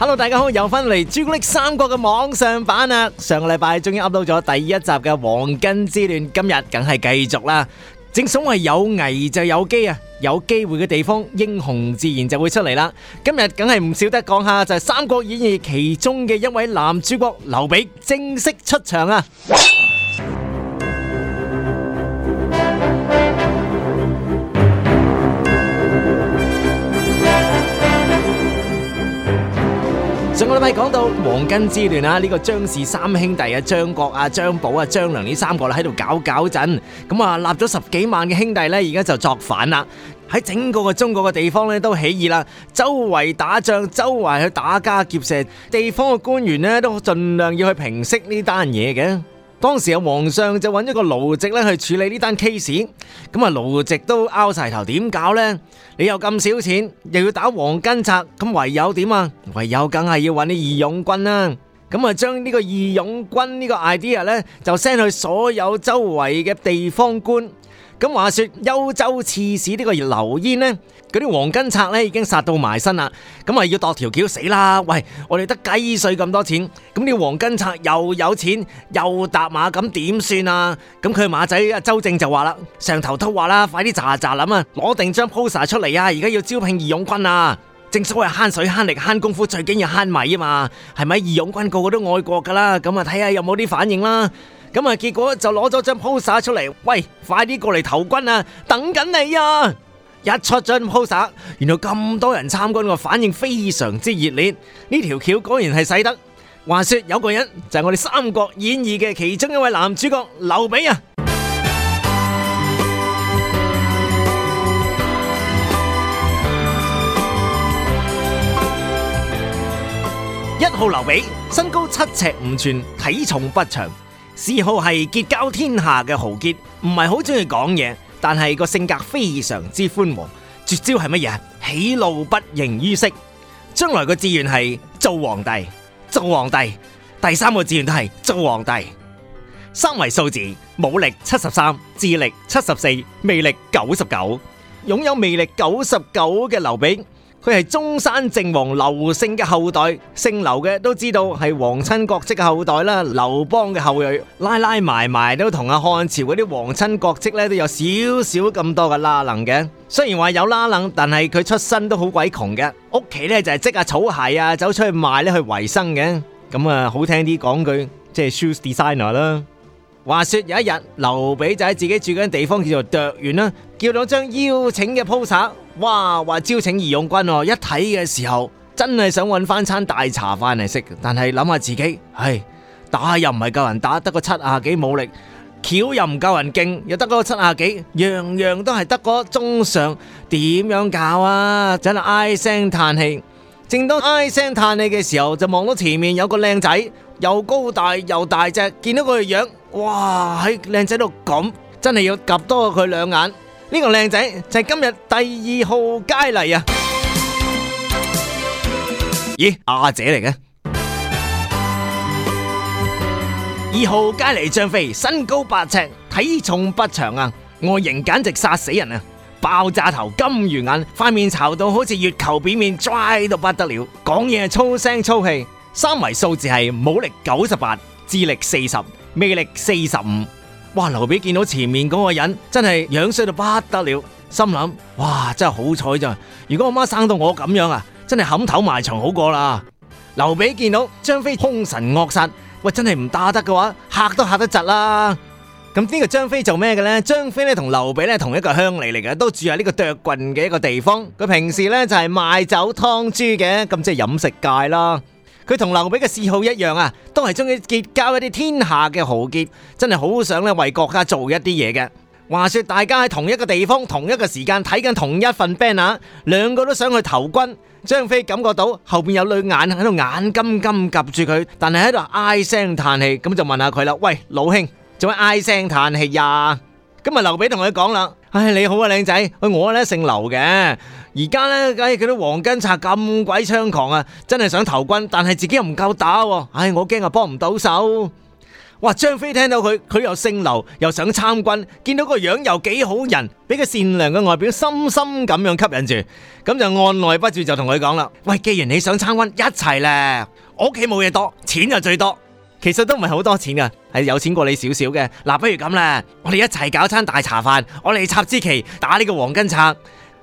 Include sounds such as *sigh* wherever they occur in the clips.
hello，大家好，又翻嚟朱古力三國嘅網上版啦。上個禮拜終於 u p 到咗第一集嘅黃金之戀，今日梗係繼續啦。正所謂有危就有機啊，有機會嘅地方，英雄自然就會出嚟啦。今日梗係唔少得講下，就係三國演義其中嘅一位男主角劉備正式出場啊！上個禮拜講到黃巾之亂啊，呢個張氏三兄弟啊，張國啊、張寶啊、張梁呢三個啦，喺度搞搞陣，咁啊，立咗十幾萬嘅兄弟呢，而家就作反啦，喺整個嘅中國嘅地方呢，都起義啦，周圍打仗，周圍去打家劫舍，地方嘅官員呢，都盡量要去平息呢單嘢嘅。當時啊，皇上就揾一個盧植咧去處理呢單 case，咁啊盧植都拗晒頭，點搞呢？你又咁少錢，又要打黃巾賊，咁唯有點啊？唯有梗係要揾啲義勇軍啦，啊，咁啊將呢個義勇軍呢個 idea 咧就 send 去所有周圍嘅地方官。咁話說幽州刺史呢個劉焉呢，嗰啲黃巾賊呢已經殺到埋身啦，咁啊要度條橋死啦！喂，我哋得雞碎咁多錢，咁啲黃巾賊又有錢又搭馬，咁點算啊？咁佢馬仔阿周正就話啦，上頭都話啦，快啲咋咋諗啊，攞定張 poster 出嚟啊！而家要招聘義勇軍啊！正所謂慳水慳力慳功夫，最緊要慳米啊嘛，係咪？義勇軍個個都愛國噶啦，咁啊睇下有冇啲反應啦。咁啊！結果就攞咗張 poster 出嚟。喂，快啲過嚟投軍啊！等緊你啊！一出咗張 poster，原來咁多人參軍，個反應非常之熱烈，呢條橋果然係使得。話說有個人就係我哋《三國演義》嘅其中一位男主角劉備啊！一 *music* 號劉備，身高七尺五寸，體重不詳。嗜好係結交天下嘅豪傑，唔係好中意講嘢，但係個性格非常之寬和。絕招係乜嘢？喜怒不形於色。將來個志願係做皇帝，做皇帝。第三個志願都係做皇帝。三圍數字，武力七十三，智力七十四，魅力九十九。擁有魅力九十九嘅劉備。佢係中山靖王劉勝嘅後代，姓劉嘅都知道係皇親國戚嘅後代啦。劉邦嘅後裔拉拉埋埋都同阿漢朝嗰啲皇親國戚咧都有少少咁多嘅拉楞嘅。雖然話有拉楞，但係佢出身都好鬼窮嘅，屋企咧就係織下草鞋啊，走出去賣咧去維生嘅。咁啊，好聽啲講句，即係 shoes designer 啦。話說有一日，劉備就喺自己住緊地方叫做涿縣啦，叫到張邀請嘅 poster，哇，話招請義勇軍哦。一睇嘅時候，真係想搵翻餐大茶飯嚟食。但係諗下自己，唉，打又唔係夠人打，得個七廿幾武力，橋又唔夠人勁，又得嗰個七廿幾，樣樣都係得個中上，點樣搞啊？真係唉聲嘆氣。正當唉聲嘆氣嘅時候，就望到前面有個靚仔，又高大又大隻，見到佢嘅樣。哇！喺靚仔度咁，真係要夾多佢兩眼呢，這個靚仔就係今日第二號佳麗啊！咦，阿、啊、姐嚟嘅二號佳麗張飛，身高八尺，體重不詳啊，外形簡直殺死人啊！爆炸頭、金魚眼、塊面醜到好似月球表面，dry 到不得了。講嘢粗聲粗氣，三圍數字係武力九十八，智力四十，魅力四十五，哇！劉備見到前面嗰個人真係樣衰到不得了，心諗：哇！真係好彩咋！如果我媽生到我咁樣啊，真係冚頭埋床好過啦。劉備見到張飛凶神惡煞，喂，真係唔打得嘅話，嚇都嚇得窒啦。咁呢個張飛做咩嘅呢？張飛呢，同劉備呢，同一個鄉里嚟嘅，都住喺呢個涿郡嘅一個地方。佢平時呢，就係賣酒劏豬嘅，咁即係飲食界啦。佢同劉備嘅嗜好一樣啊，都係中意結交一啲天下嘅豪傑，真係好想咧為國家做一啲嘢嘅。話說大家喺同一個地方，同一個時間睇緊同一份 banner，兩個都想去投軍。張飛感覺到後邊有對眼喺度眼金金夾住佢，但係喺度唉聲嘆氣，咁就問下佢啦，喂，老兄，仲喺唉聲嘆氣呀？咁啊，劉備同佢講啦。唉、哎，你好啊，靚仔、哎，我呢姓劉嘅，而家呢，唉、哎，佢啲黃巾賊咁鬼猖狂啊，真係想投軍，但係自己又唔夠打、啊，唉、哎，我驚啊，幫唔到手。哇，張飛聽到佢，佢又姓劉，又想參軍，見到個樣又幾好人，俾個善良嘅外表深深咁樣吸引住，咁就按捺不住就同佢講啦。喂，既然你想參軍，一齊啦，我屋企冇嘢多，錢就最多。其實都唔係好多錢噶，係有錢過你少少嘅。嗱、啊，不如咁啦，我哋一齊搞餐大茶飯。我哋插支旗打呢個黃巾賊，吓、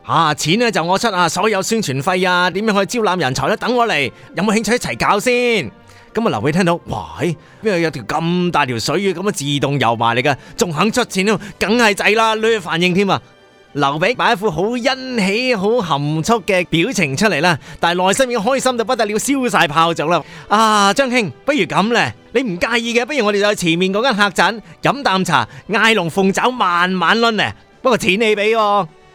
啊、錢咧就我出啊，所有宣傳費啊，點樣可以招攬人才咧？等我嚟，有冇興趣一齊搞先？咁、嗯、啊，劉備聽到，喂，邊、哎、度有條咁大條水魚咁啊，自動游埋嚟噶，仲肯出錢，梗係仔啦，呢、那個反應添啊！劉備擺一副好欣喜，好含蓄嘅表情出嚟啦，但係內心已經開心到不得了，燒晒炮仗啦！啊，張兄，不如咁咧，你唔介意嘅，不如我哋就去前面嗰間客棧飲啖茶，嗌龍鳳酒，慢慢論咧。不過錢你俾。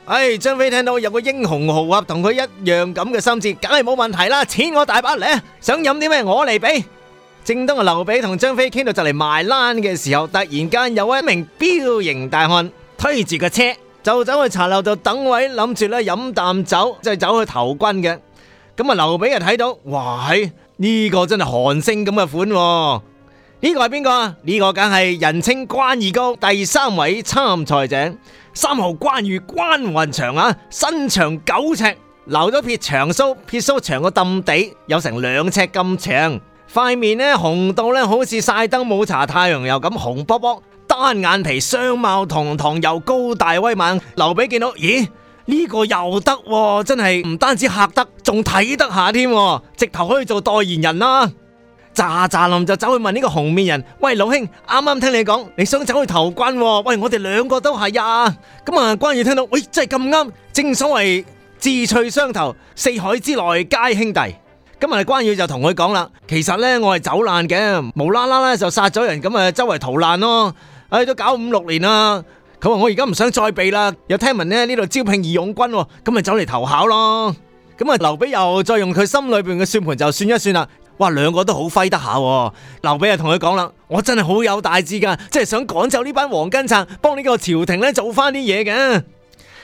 哎，張飛聽到有個英雄豪俠同佢一樣咁嘅心志，梗係冇問題啦，錢我大把嚟，想飲啲咩我嚟俾。正當阿劉備同張飛傾到就嚟埋欄嘅時候，突然間有一名彪形大漢推住個車。就走去茶樓度等位，諗住咧飲啖酒即係走去投軍嘅。咁啊留俾人睇到，哇！呢個真係寒星咁嘅款。呢個係邊個？呢個梗係人稱關二哥第三位參賽者，三號關羽關雲長啊，身長九尺，留咗撇長鬚，撇鬚長過氹地，有成兩尺咁長。塊面呢紅到呢，好似曬燈冇搽太陽油咁紅卜卜。單眼皮，相貌堂堂，又高大威猛，劉備見到，咦？呢個又得，真係唔單止吓得，仲睇得下添，直頭可以做代言人啦！咋咋冧就走去問呢個紅面人：喂，老兄，啱啱聽你講，你想走去投軍？喂，我哋兩個都係啊！咁啊，關羽聽到，喂、哎，真係咁啱，正所謂志趣相投，四海之內皆兄弟。咁啊，關羽就同佢講啦，其實呢，我係走難嘅，無啦啦咧就殺咗人，咁啊，周圍逃難咯。去咗九五六年啦，佢話我而家唔想再避啦，又聽聞咧呢度招聘義勇軍，咁咪走嚟投考咯。咁啊，劉備又再用佢心裏邊嘅算盤，就算一算啦。哇，兩個都好揮得下。劉備又同佢講啦，我真係好有大志噶，即係想趕走呢班黃巾賊，幫呢個朝廷咧做翻啲嘢嘅。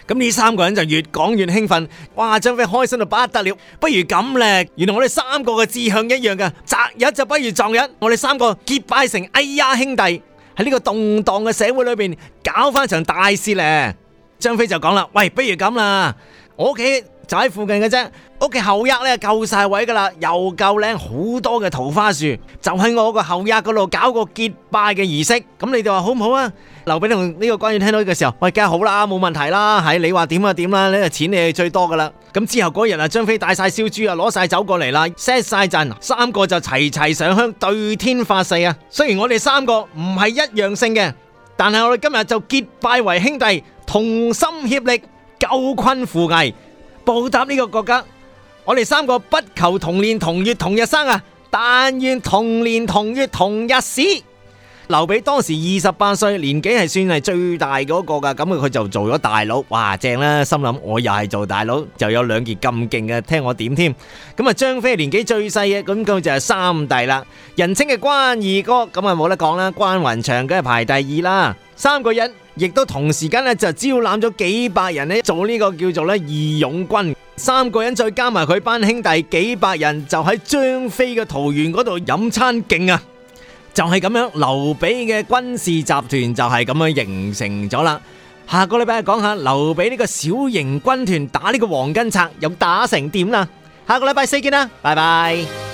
咁呢三個人就越講越興奮，哇！張飛開心到不得了，不如咁咧，原來我哋三個嘅志向一樣噶，擇日就不如撞日，我哋三個結拜成哎呀兄弟。喺呢個動蕩嘅社會裏邊，搞翻場大事咧，張飛就講啦：喂，不如咁啦，我屋企就喺附近嘅啫，屋企後壓後園咧夠晒位噶啦，又夠靚，好多嘅桃花樹，就喺我個後園嗰度搞個結拜嘅儀式，咁你哋話好唔好啊？劉備同呢個關羽聽到呢個時候，喂，梗係好啦，冇問題啦，係你話點就點啦，呢個錢你係最多噶啦。咁之後嗰日啊，張飛帶晒燒豬啊，攞晒酒過嚟啦，set 晒陣，三個就齊齊上香，對天發誓啊！雖然我哋三個唔係一樣性嘅，但係我哋今日就結拜為兄弟，同心協力，救困扶危，報答呢個國家。我哋三個不求同年同月同日生啊，但願同年同月同日死。劉備當時二十八歲，年紀係算係最大嗰個噶，咁佢就做咗大佬，哇正啦！心諗我又係做大佬，就有兩件咁勁嘅，聽我點添？咁啊張飛年紀最細嘅，咁佢就係三弟啦，人稱嘅關二哥，咁啊冇得講啦，關雲長梗係排第二啦。三個人亦都同時間咧就招攬咗幾百人呢做呢個叫做咧義勇軍，三個人再加埋佢班兄弟幾百人，就喺張飛嘅桃園嗰度飲餐勁啊！就係咁樣，劉備嘅軍事集團就係咁樣形成咗啦。下個禮拜講下劉備呢個小型軍團打呢個黃巾賊，又打成點啦？下個禮拜四見啦，拜拜。